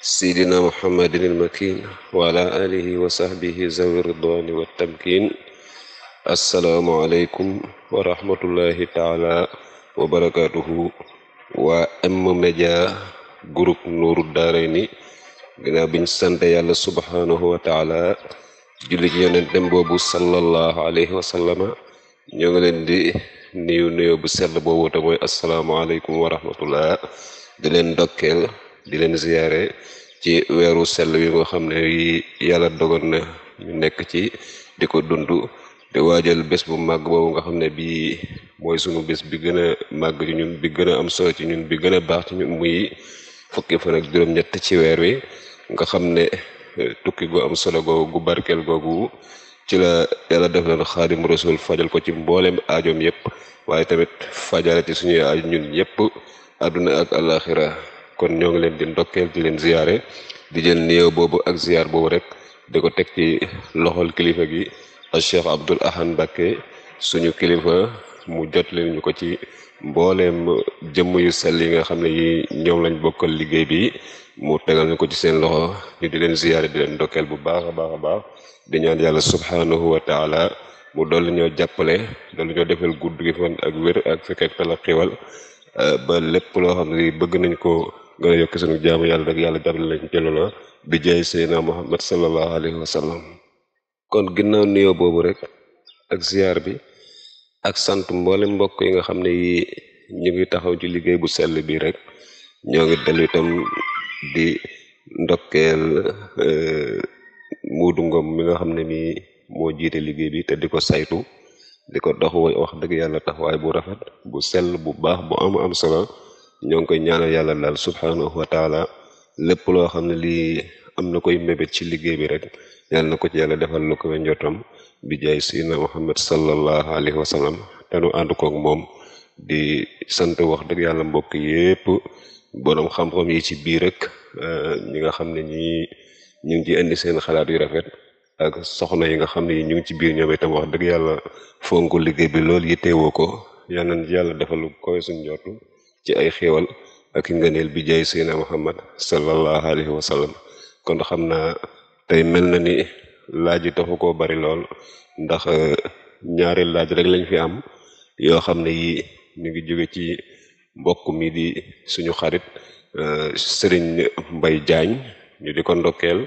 سيدنا محمد المكين وعلى آله وصحبه ذوي الرضوان والتمكين السلام عليكم ورحمة الله تعالى وبركاته وأم ميديا جروب نور الدارين ginnaaw biñ sante yàlla subhanahu wa taala julli ci yonentem boobu sallallahu alayhi ñoo ngi leen di nuyu nuyu bu sell wa rahmatullah di leen di leen ziyaare ci weeru sell wi nga xam ne yàlla dogal na ñu nekk ci di ko dund di waajal bés bu màgg boobu nga xam ne bii mooy sunu bés bi gën a màgg ci ñun bi gën a am solo ci ñun bi gën a baax ci ñun muy fukki fan ak juróom-ñett ci weer wi nga xam ne eh, tukki gu am solo googu gu barkeel googu ci la yàlla def na xaadim rasul fajal ko ci mbooleem aajoom yépp waaye tamit fajale ci suñuy aaju ñun yépp àdduna ak alaxira kon ñoo ngi leen di ndokkeel di leen ziyaare di jël néew boobu ak ziyaar boobu rek di ko teg ci loxol kilifa gi ak Cheikh Abdoul Ahad Mbacké suñu kilifa mu jot leen ñu ko ci mbooleem jëmm yu sell yi nga xam ne yi ñoom lañ bokkal liggéey bi mu tegal ñu ko ci seen loxo ñu di leen ziyaare di leen ndokkeel bu baax a baax a baax di ñaan yàlla subhanahu mu dool ñoo jàppale dolli ñoo defal gudd gi fan ak wér ak fekk ak tal ba lépp loo xam ne bëgg ko gën a yokk seen jaamu yàlla rek yàlla jàppale leen ci loola bi jaay Seydina Muhammad sallallahu alayhi wa sallam kon ginnaaw nuyoo boobu rek ak ziar bi ak sant mboole mbokk yi nga xam ne yi taxaw ci liggéey bu sell bi rek ñoo ngi dellu itam di e, Ngom mi nga xam ne mii moo jiite liggéey bi te di ko saytu di ko dox wax dëgg yàlla taxawaay bu rafet bu sell bu baax bu am am solo ñoo ngi koy ñaanal yàlla daal subhanahu wa taala lépp loo xam ne lii am na koy mébét ci liggéey bi rek yàlla na ko ci yàlla defal lu ko we njottam bi jaay sayyidina muhammad sallallahu alayhi wa sallam te nu ànd koog di sant wax dëgg yàlla mbokk yépp borom xam yi ci biir rek eh, ñi nga xam ne ñi ñu ngi ci indi seen xalaat yu rafet ak soxna yi nga xam ne yi ñu ngi ci biir ñoom itam wax dëgg yàlla fonk liggéey bi loolu yittewoo ko yal nañ ci yàlla defal koy suñ njortu ci ay xéewal ak i ngëneel bi jaay sayna muhammad sallallahu alayhi wa sallam kon xam naa tey mel na ni laaj yi taxu ko bari lool ndax euh, ñaari laaj rek lañ fi am yoo xam ne yi ñu ngi jóge ci mbokk mi di suñu xarit sëriñ Mbay Jaañ ñu di ko ndokkeel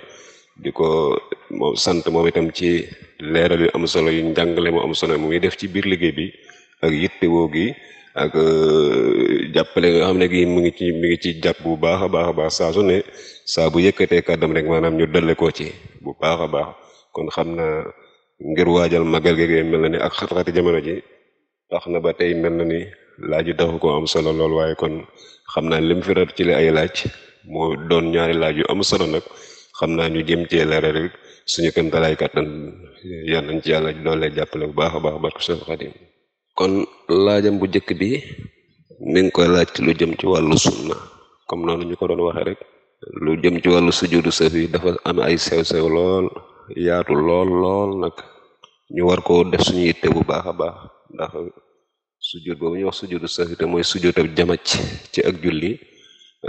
di ko moom sant moom itam ci leeral yu am solo yu njàngale mu am solo mu ngi def ci biir liggéey bi ak yittewoo gi ak euh, jàppale nga xam ne gi mu ngi ci mu ngi ci jàpp bu baax a baax a baax saa su ne saa bu yëkkatee kàddam rek maanaam ñu dalle ko ci bu baax a baax kon xam na ngir waajal magal gi mel na ni ak xat-xati jamono ji tax na ba tey mel na ni laaj yi taxu ko am solo lool waaye kon xam naa lim fi ci la ay laaj moo doon ñaari laaj yu am solo nag xam naa ñu jëm cee leeral rek suñu këm talaay kàttan yal nañ ci yàlla doole jàppale bu baax a baax barke Seex Xaadim kon laajam bu njëkk bi mi ngi koy laaj lu jëm ci wàllu sunna comme noonu ñu ko doon waxee rek lu jëm ci wàllu sujudu sahwi dafa am ay sew lool yaatu lool lool nag ñu war ko def suñu yitte bu baax a baax ndax sujud boobu ñuy wax sujudu sahwi te mooy sujud ab jamac ci ak julli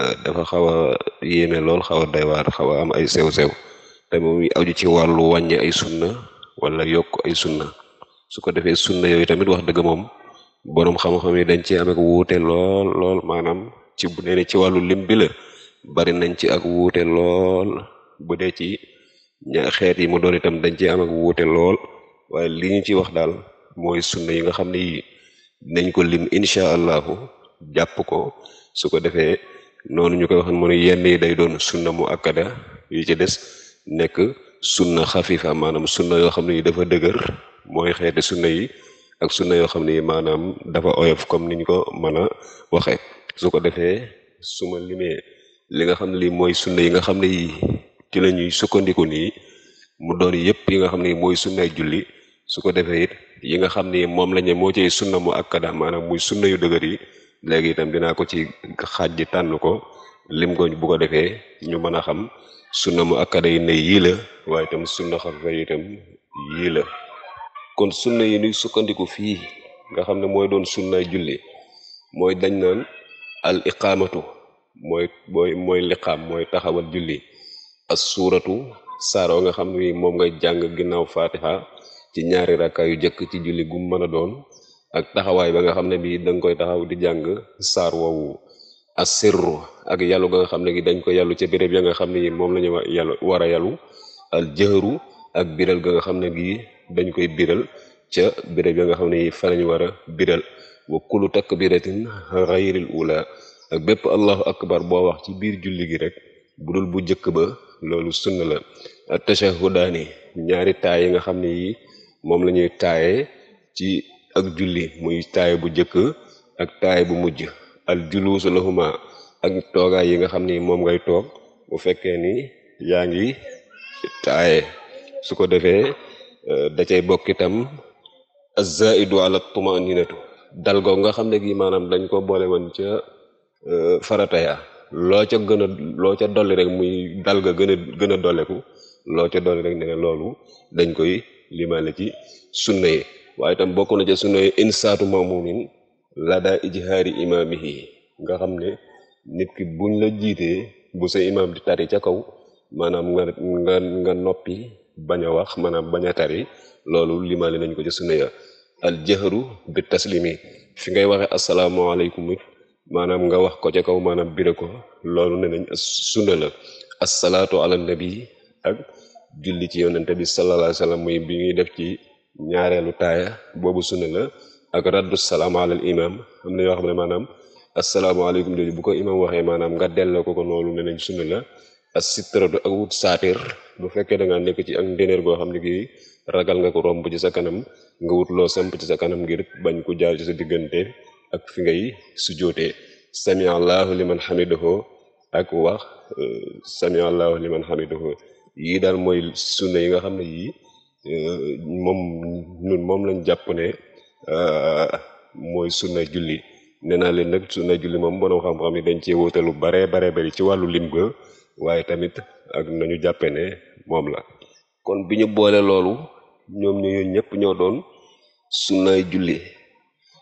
eh, dafa xaw a yéeme lool xaw a doy xaw a am ay sew-sew te moom aju ci wàllu wàññi ay sunna wala yokk ay sunna su ko defee sunna yooyu tamit wax dëgg moom boroom xam-xam yi dañ ci am wuute lool lool maanaam ci bu dee ci wàllu lim bi la bari nañ ci ak wuute lool bu dee ci ña xeet yi mu doon itam dañ ci am wuute lool waaye li ñu ci wax daal mooy sunna yi nga xam ne yii nañ ko lim incha allahu jàpp ko su ko defee noonu ñu koy wax mu ne yenn yi day doon sunna mu akkada yi ci des nekk sunna xafifa maanaam sunna yoo xam ne yi dafa dëgër mooy xeeti sunna yi ak sunna yoo xam ne maanaam dafa oyof comme niñ ko mën a waxee su ko defee su ma limee li nga xam ne lii mooy sunna yi nga xam ne yi ci la ñuy sukkandiku nii mu doon yëpp yi nga xam ne mooy sunnay julli su ko defee it yi nga xam ni moom lañu moo ci sunna mu akkada maanaam muy sunna yu dëgër yi léegi itam dinaa ko ci xaaj tànn ko lim ko bu ko defee ñu mën a xam sunna mu akkada yi ne yii la waaye itam sunna xafifa yi itam yii la kon sunna yi nuy sukkandiku fii nga xam ne mooy doon sunnaay julli mooy dañ naan al iqaamatu mooy mooy mooy taxawal julli as suuratu saaroo nga xam ne moom ngay jàng ginnaaw fatiha ci ñaari rakka yu jëkk ci julli mën a doon ak taxawaay ba nga xam ne bii danga koy taxaw di jàng saar woowu as sirru ak yalu ga nga xam ne gi dañ ko yàllu ci béréb ya nga xam ne yi moom la ñu yàllu war a yàllu al jëhru ak biral ga nga xam ne gii dañ koy biral ca béréb ya nga xam ne fa lañu war a biral wa kulu takbiratin xayril ula ak bépp allahu akbar boo wax ci biir julli gi rek bu dul bu jëkk ba loolu sunna la tashahudaani ñaari taay yi nga xam ne yi moom la ñuy taaye ci ak julli muy taay bu jëkk ak taay bu mujj al juluusu ak toogaay yi nga xam ni moom ngay toog bu fekkee ni yaa ngi taaye su ko defee Euh, da cay bokk itam azzaidu ala tumaninatu dal googu nga xam ne gi maanaam dañ ko boole woon ca euh, farata ya loo ca gën a ca dolli rek muy dal ga gën a gën a dolleku loo ca dolli rek ne loolu dañ koy limaale ci sunna yi waaye itam bokk na ca sunna yi insaatu mamumin la daa ijhaari imaamihi nga xam ne nit ki buñ la jiitee bu sa imaam di tari ca kaw maanaam nga nga nga noppi bañ a wax maanaam bañ a tari loolu limaale nañ ko ci sunna ya al jahru bi taslimi fi ngay waxee asalaamaaleykum it maanaam nga wax ko ca kaw maanaam bire ko loolu ne nañ sunna la asalaatu ala nabi ak julli ci yonente bi sallallahu alayhi wa muy bi ñuy def ci ñaareelu taaya boobu sunna la ak raddu salaam alal imam am na yoo xam ne maanaam asalaamaaleykum jooju bu ko imam waxee maanaam nga delloo ko ko loolu ne nañ sunna la assitratu ak wut saatir bu fekkee da ngaa nekk ci ak ndéneer goo xam ne gi ragal nga ko romb ci sa kanam nga wut loo samp ci sa kanam ngir bañ ko jaar diggante ak fi ngay sujjootee sami allahu liman hamidahu ak wax euh, sami allahu liman hamidahu yii daal mooy sunna yi nga xam ne yii euh, moom ñun moom lañ jàpp ne euh, mooy sunna julli nee naa leen nag sunna julli moom borom xam-xam yi dañ cee wóotalu baree baree bari ci wàllu lim ga waaye tamit ak nañu jàppee ne moom la kon bi ñu boole loolu ñoom ñoo ñëpp ñoo doon sunnay julli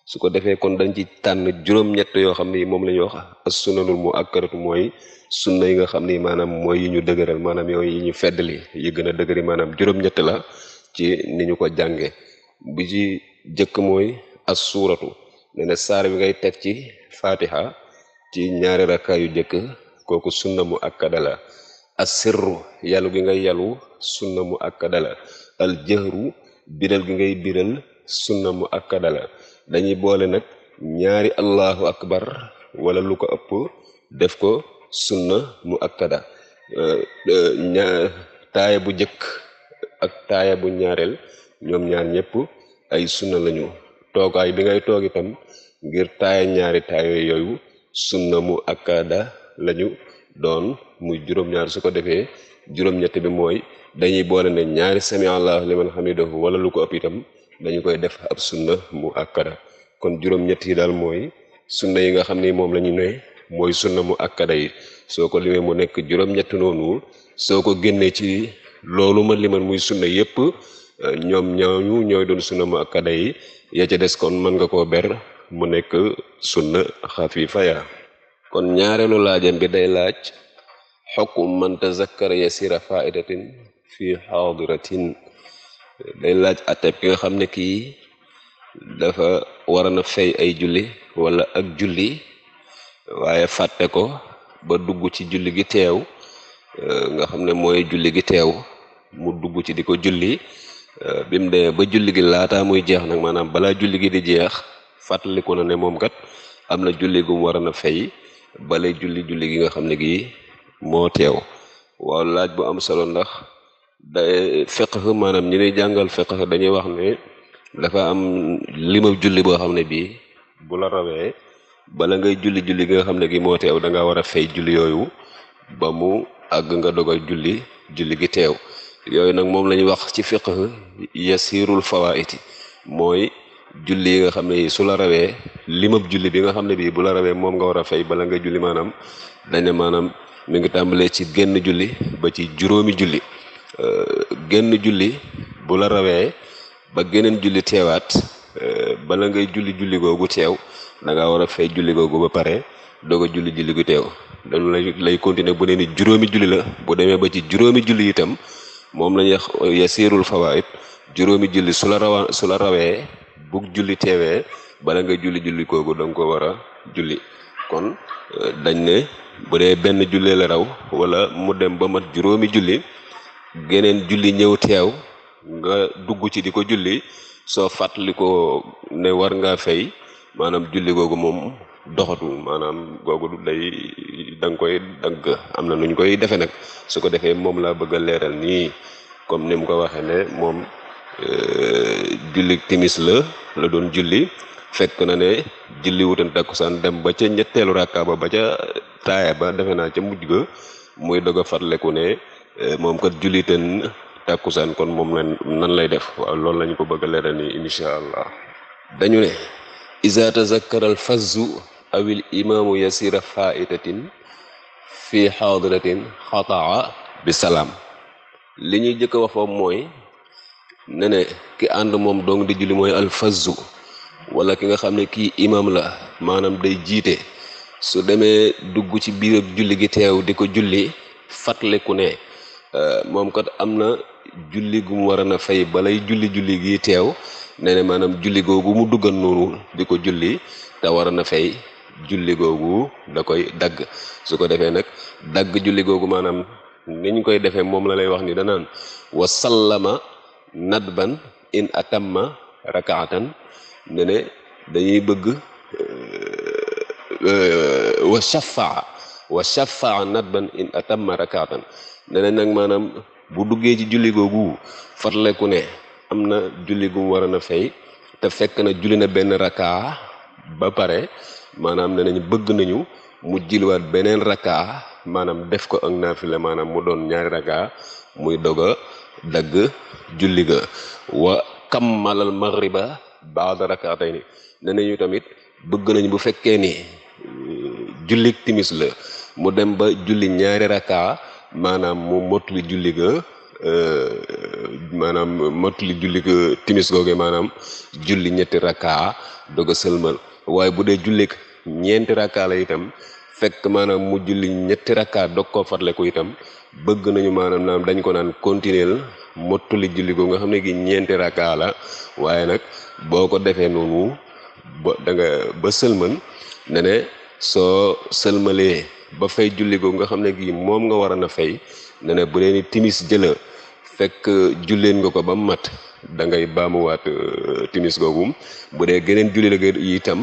su ko defee kon dañ ci tànn juróom-ñett yoo xam ne moom la ñuy wax as sunanul mu akkaratu mooy sunna yi nga xam ne maanaam mooy yi ñu dëgëral maanaam yooyu yi ñu feddali yi gën a dëgëri maanaam juróom-ñett la ci ni ñu ko jànge bi ci jëkk mooy as suuratu ne ne saar bi ngay teg ci fatiha ci ñaari rakkaa yu jëkk kooku sunna mu akkada la asirru yalu gi ngay yalu sunna mu akkada la al jëhru biral gi ngay biral sunna mu akkada la dañuy boole nag ñaari allahu akbar wala lu ko ëpp def ko sunna mu akkada taaya bu jëkk ak taaya bu ñaareel ñoom ñaar ñëpp ay sunna lañu toogaay bi ngay toog itam ngir taaya ñaari taaya yooyu sunna mu akkada lañu doon muy juróom-ñaar su ko defee juróom-ñett bi mooy dañuy boole ne ñaari sami allah liman hamidahu wala lu ko ëpp itam dañu koy def ab sunna mu akkada kon juróom-ñett yi daal mooy sunna yi nga xam ni moom la ñu ne mooy sunna mu akkada yi soo ko limee mu nekk juróom-ñett soo ko génnee ci loolu ma liman muy sunna yépp ñoom ñooñu ñooy doon sunna mu akkada yi ya ca des kon mën nga koo ber mu nekk sunna xafiifa ya kon ñaareelu laajam bi day laaj xukm man tazakkara yasira faidatin fi xaadiratin day laaj ateb ki nga xam ne kii dafa war na fay ay julli wala ak julli waaye fàtte ko ba dugg ci julli gi teew eh, nga xam ne mooy julli gi teew mu dugg ci di ko julli eh, bi mu demee ba julli gi laataa muy jeex nag maanaam balaa julli gi di jeex fàttaliku na ne moom kat am na julli gum war na fay bale julli julli gi nga xam ne gi moo teew waaw laaj bu am solo ndax da fiqh maanaam ñi ñuy jàngal fiqh dañuy wax ne dafa am limab julli boo xam ne bii bu la rawee bala ngay julli julli gi nga xam ne gi moo teew da nga war a fay julli yooyu ba mu àgg nga dogal julli julli gi teew yooyu nag moom la ñuy wax ci fiqh yasirul fawaiti mooy julli yi nga xam ne su la rawee limab julli bi nga xam ne bii bu la rawee moom nga war a fay bala nga julli maanaam dañ ne maanaam mi ngi tàmbalee ci genn julli ba ci juróomi julli euh, génn julli bu la rawee ba geneen julli teewaat euh, bala ngay julli julli googu teew da nga war a fay julli googu ba pare doog a julli julli gu teew dañu lay continuer bu nee juróomi julli la bu demee ba ci juróomi julli itam moom lañuy wax yasirul fawaid juróomi julli su la rawee bu julli teewee bala nga julli julli kooku danga nga ko war a julli kon eh, dañ ne bu dee benn jullee la raw wala mu dem ba mat juróomi julli geneen julli ñëw teew nga dugg ci di ko julli soo fàttali ko ne war ngaa fay maanaam julli googu moom doxatu maanaam googu day da nga koy dagg am na nu koy defee nag su ko defee moom laa bëgg a leeral nii comme ni mu ko waxee ne moom Euh, julli timis la la doon julli fekk na ne julli wutan takkusaan dem ba ca ñetteelu rakka ba ca taaya ba defe naa ca mujj ga muy doog a farleku ne euh, moom kat jullitan takkusaan kon moom lan nan lay def waaw loolu lañu ko bëgg a leeral insha allah dañu ne iza tazakkara al fazzu awil imaamu yasira faitatin fi xaadiratin xataa bi salaam li ñuy jëkk wax foofu mooy ne ne ki ànd moom dong di julli mooy alfazu wala ki nga xam ne kii imam la maanaam day jiite su demee dugg ci biirab julli gi teew di ko julli fàttaliku ne euh, moom kat am na julli gu mu war na fay balay julli julli gi teew nene maanaam julli googu mu duggan noonu di ko julli te war na fay julli googu da koy dagg su ko defee nag dagg julli googu maanaam ni ñu koy defee moom la lay wax ni danaan wa nadban in atamma rakaatan ne dañuy bëgg euh, euh, wa shafaa wa shafaa nadban in atamma rakaatan ne nag maanaam bu duggee ci julli googu farleku ne am na julli gum war a na fay te fekk na julli na benn rakaa ba pare maanaam ne bëgg nañu mu jiliwaat beneen rakaa maanaam def ko ak naafila maanaam mu doon ñaari rakaa muy doga dagg julli ga wa kammalal maghriba baada rakaatayni ne nañu tamit bëgg nañ bu fekkee ni eh, jullik timis la mu dem ba julli ñaari rakaa maanaam mu mottali jullik ga eh, maanaam mottali julli ga timis googe maanaam julli ñetti rakaa doog a sëlmal waaye bu dee jullik ñeenti rakaa la itam fekk maanaam mu julli ñetti rakaa dog koo farle ko itam bëgg nañu maanaam naam dañ ko naan continuer mottali julli googu nga xam ne gi ñeenti rakkaa la waaye nag boo ko defee noonu ba da ba sëlman ne soo sëlmalee ba fay julli googu nga xam ne gi moom nga war a na fay ne ne bu dee ni timis jëla fekk julleen nga ko ba mu mat da ngay baamuwaat euh, timis googu bu dee geneen julli la yi itam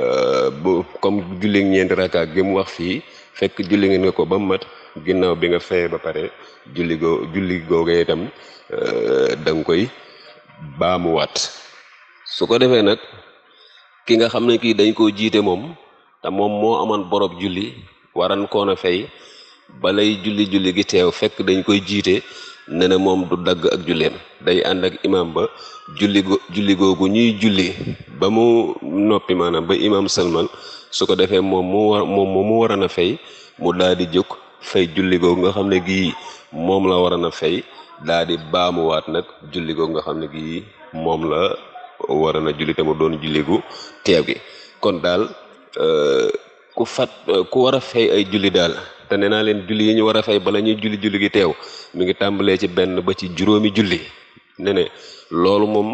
euh, bu comme julli ñeenti rakkaa gi mu wax fii fekk julli ngeen nga ko ba mu mat ginnaaw bi nga fayee ba pare julli goo julli googee itam euh, da nga koy baamuwaat su ko defee nag ki nga xam ne kii dañ koo jiite moom te moom moo amoon borob julli waran koon a fay balay julli julli gi teew fekk dañ koy jiite ne na moom du dagg ak julleem day ànd ak imam ba julli go googu ñuy julli ba mu noppi maanaam ba imam salmal su ko defee moom mu war moom mu waran a fay mu daal di jóg fay julli googu nga xam ne gii moom la waroon a fay daa baamuwaat nag julli googu nga xam ne gii moom la waroon a julli te mu doon julligu teew gi kon daal euh, ku fat ku war a fay ay julli daal te nee naa leen julli yi ñu war a fay bala ñuy julli julli gi teew mu ngi tàmbalee ci benn ba ci juróomi julli ne ne loolu moom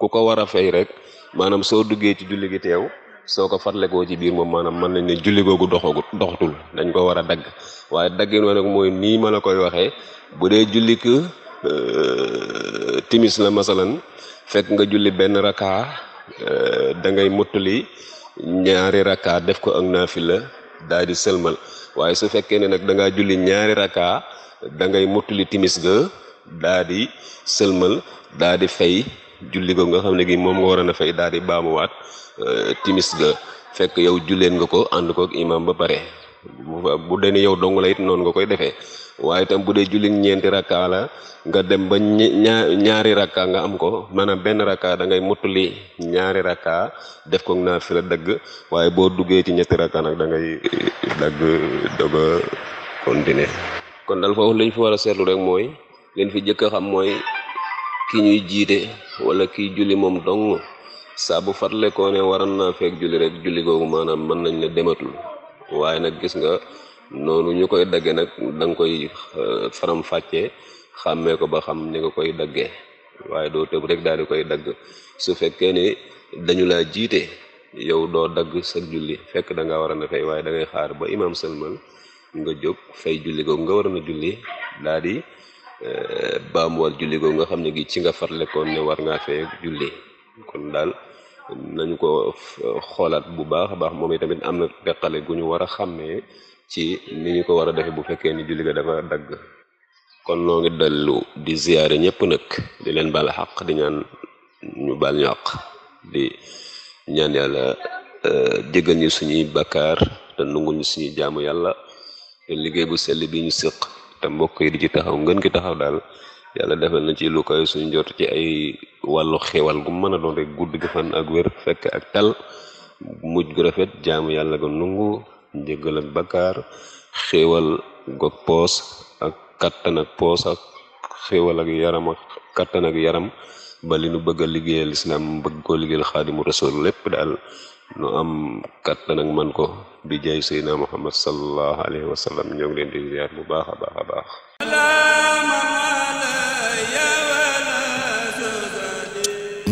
ku ko war a fay rek maanaam soo duggee ci julli gi teew soo ko farlekoo ci biir moom maanaam mën nañ ne julli googu doxagu doxatul dañ ko war a dagg waaye daggin wa nag mooy nii ma la koy waxee bu dee jullik euh, timis la masalan fekk nga julli benn rakkaa euh, dangay ngay mottali ñaari rakkaa def ko ak naafila daal di sëlmal waaye su fekkee ne nag da ngaa ñaari rakkaa da ngay mottali timis ga daal di sëlmal daal di fay julli googu nga xam ne gi moom nga waroon a fay daal di baamuwaat euh, timis ga fekk yow julleen nga ko ànd kook imam ba pare bu dee yow dong la it noonu nga koy defee waaye itam bu dee julli ñeenti rakka la nga dem ba ñaari rakka nga am ko maanaam benn rakka da ngay mottali ñaari rakka def ko naa fi dagg waaye boo duggee ci ñetti rakka nag da ngay dagg doog a continuer kon dal foofu war a seetlu rek mooy liñ fi jëkk a xam mooy ki ñuy jiite wala kiy julli moom dong saa bu fatle koo ne waran naa feeg julli rek julli googu maanaam mën nañ ne dematul waaye nag gis nga noonu ñu koy dagge nag da nga koy euh, faram fàcce xàmmee ko ba xam ni nga koy daggee waaye doo tëb rek daal di koy dagg su fekkee ni dañu laa jiite yow doo dagg sa julli fekk da nga war a na waaye da ngay xaar ba imaam sëlmal nga jóg fay julli googu nga waroon a julli daal di Eh, baamuwaat julli googu nga xam ne gi ci nga farlekoon ne war ngaa fee julli kon daal nañu ko xoolaat bu baax a baax moom itamit am na teqale gu ñu war a xàmmee ci ni ñu ko war a defee bu fekkee ni julli ga dafa dagg kon noo ngi dellu di ziyaare ñëpp nag di leen baal xaq di ñaan ñu baal ñu àq di ñaan yàlla eh, jéggal ñu suñuy bakkaar te nungul ñu suñuy jaamu yàlla te liggéey bu sell bi ñu séq mbokk yi di ci taxaw ngeen ki taxaw daal yàlla defal na ci lu koy suñ jot ci ay wàllu xewal gu mën a doon rek gudd gi fan ak wér fekk ak tal mujj gu rafet jaamu yàlla ko nungu njëgal ak bakkaar xewal goog poos ak kattan ak poos xéewal ak yaram ak kattan ak yaram ba li nu bëgg a liggéeyal islam bëgg koo liggéeyal xaadimu rasul lépp daal nu am kattan ak man ko bi jaay seydina muhammad sallallahu alayhi wa sallam ñoo ngi leen di ziar bu baax a baax a baax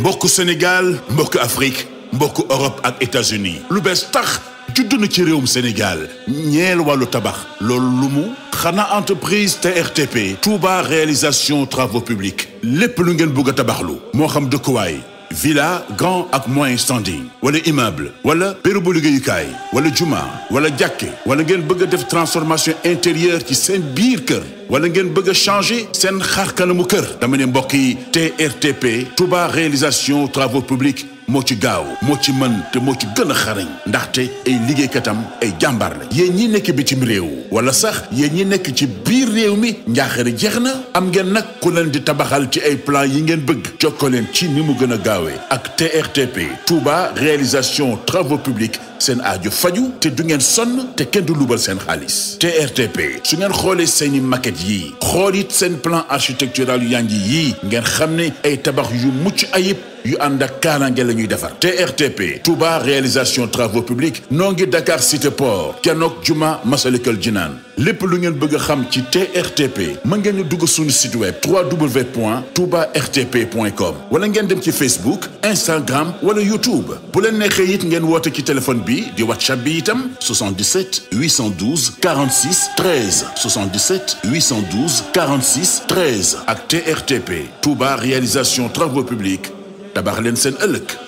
mbokk Sénégal mbokk Afrique mbokk Europe ak États-Unis lu bees tax judd na ci réewum Sénégal ñeel wàllu tabax loolu lu mu xanaa entreprise TRTP Touba réalisation travaux publics lépp lu ngeen bëgg a tabaxlu moo xam dëkkuwaay villa gan ak moyen standing wala immeuble wala bérébu liggéeyukaay wala juma wala jàkke wala ngeen bëgg a def transformation intérieure ci seen biir kër wala ngeen bëgg a changer seen xar kanamu kër dama ne mbokk yi TRTP Touba réalisation travaux publics moo ci gaaw moo ci mën te moo ci gën a xarañ ndaxte ay liggéeykatam ay jàmbaar la yéen ñi nekk bitim réew wala sax yéen ñi nekk ci biir réew mi njaaxare jeex na am ngeen nag ku leen di tabaxal ci ay plan yi ngeen bëgg jokkoo ci ni mu gën a gaawee ak TRTP Touba réalisation travaux publics seen aajo faju te du ngeen sonn te kenn du lubal seen xaalis TRTP su ngeen xoolee seeni maquette yi xool it seen plan architectural yu yaa ngi yii ngeen xam ne ay tabax yu mucc ayib yu ànd ak kaarange la ñuy defar TRTP Touba réalisation travaux publics noo ngi Dakar cité port kenook juma Masalikul Jinaan lépp lu ngeen bëgg a xam ci TRTP mën ngeen ñu dugg suñu site web www.toubartp.com wala ngeen dem ci Facebook Instagram wala YouTube bu leen neexee it ngeen woote ci téléphone bi di WhatsApp bi itam 77 812 46 13 77 812 46 13 ak TRTP Touba réalisation travaux publics tabax leen seen ëllëg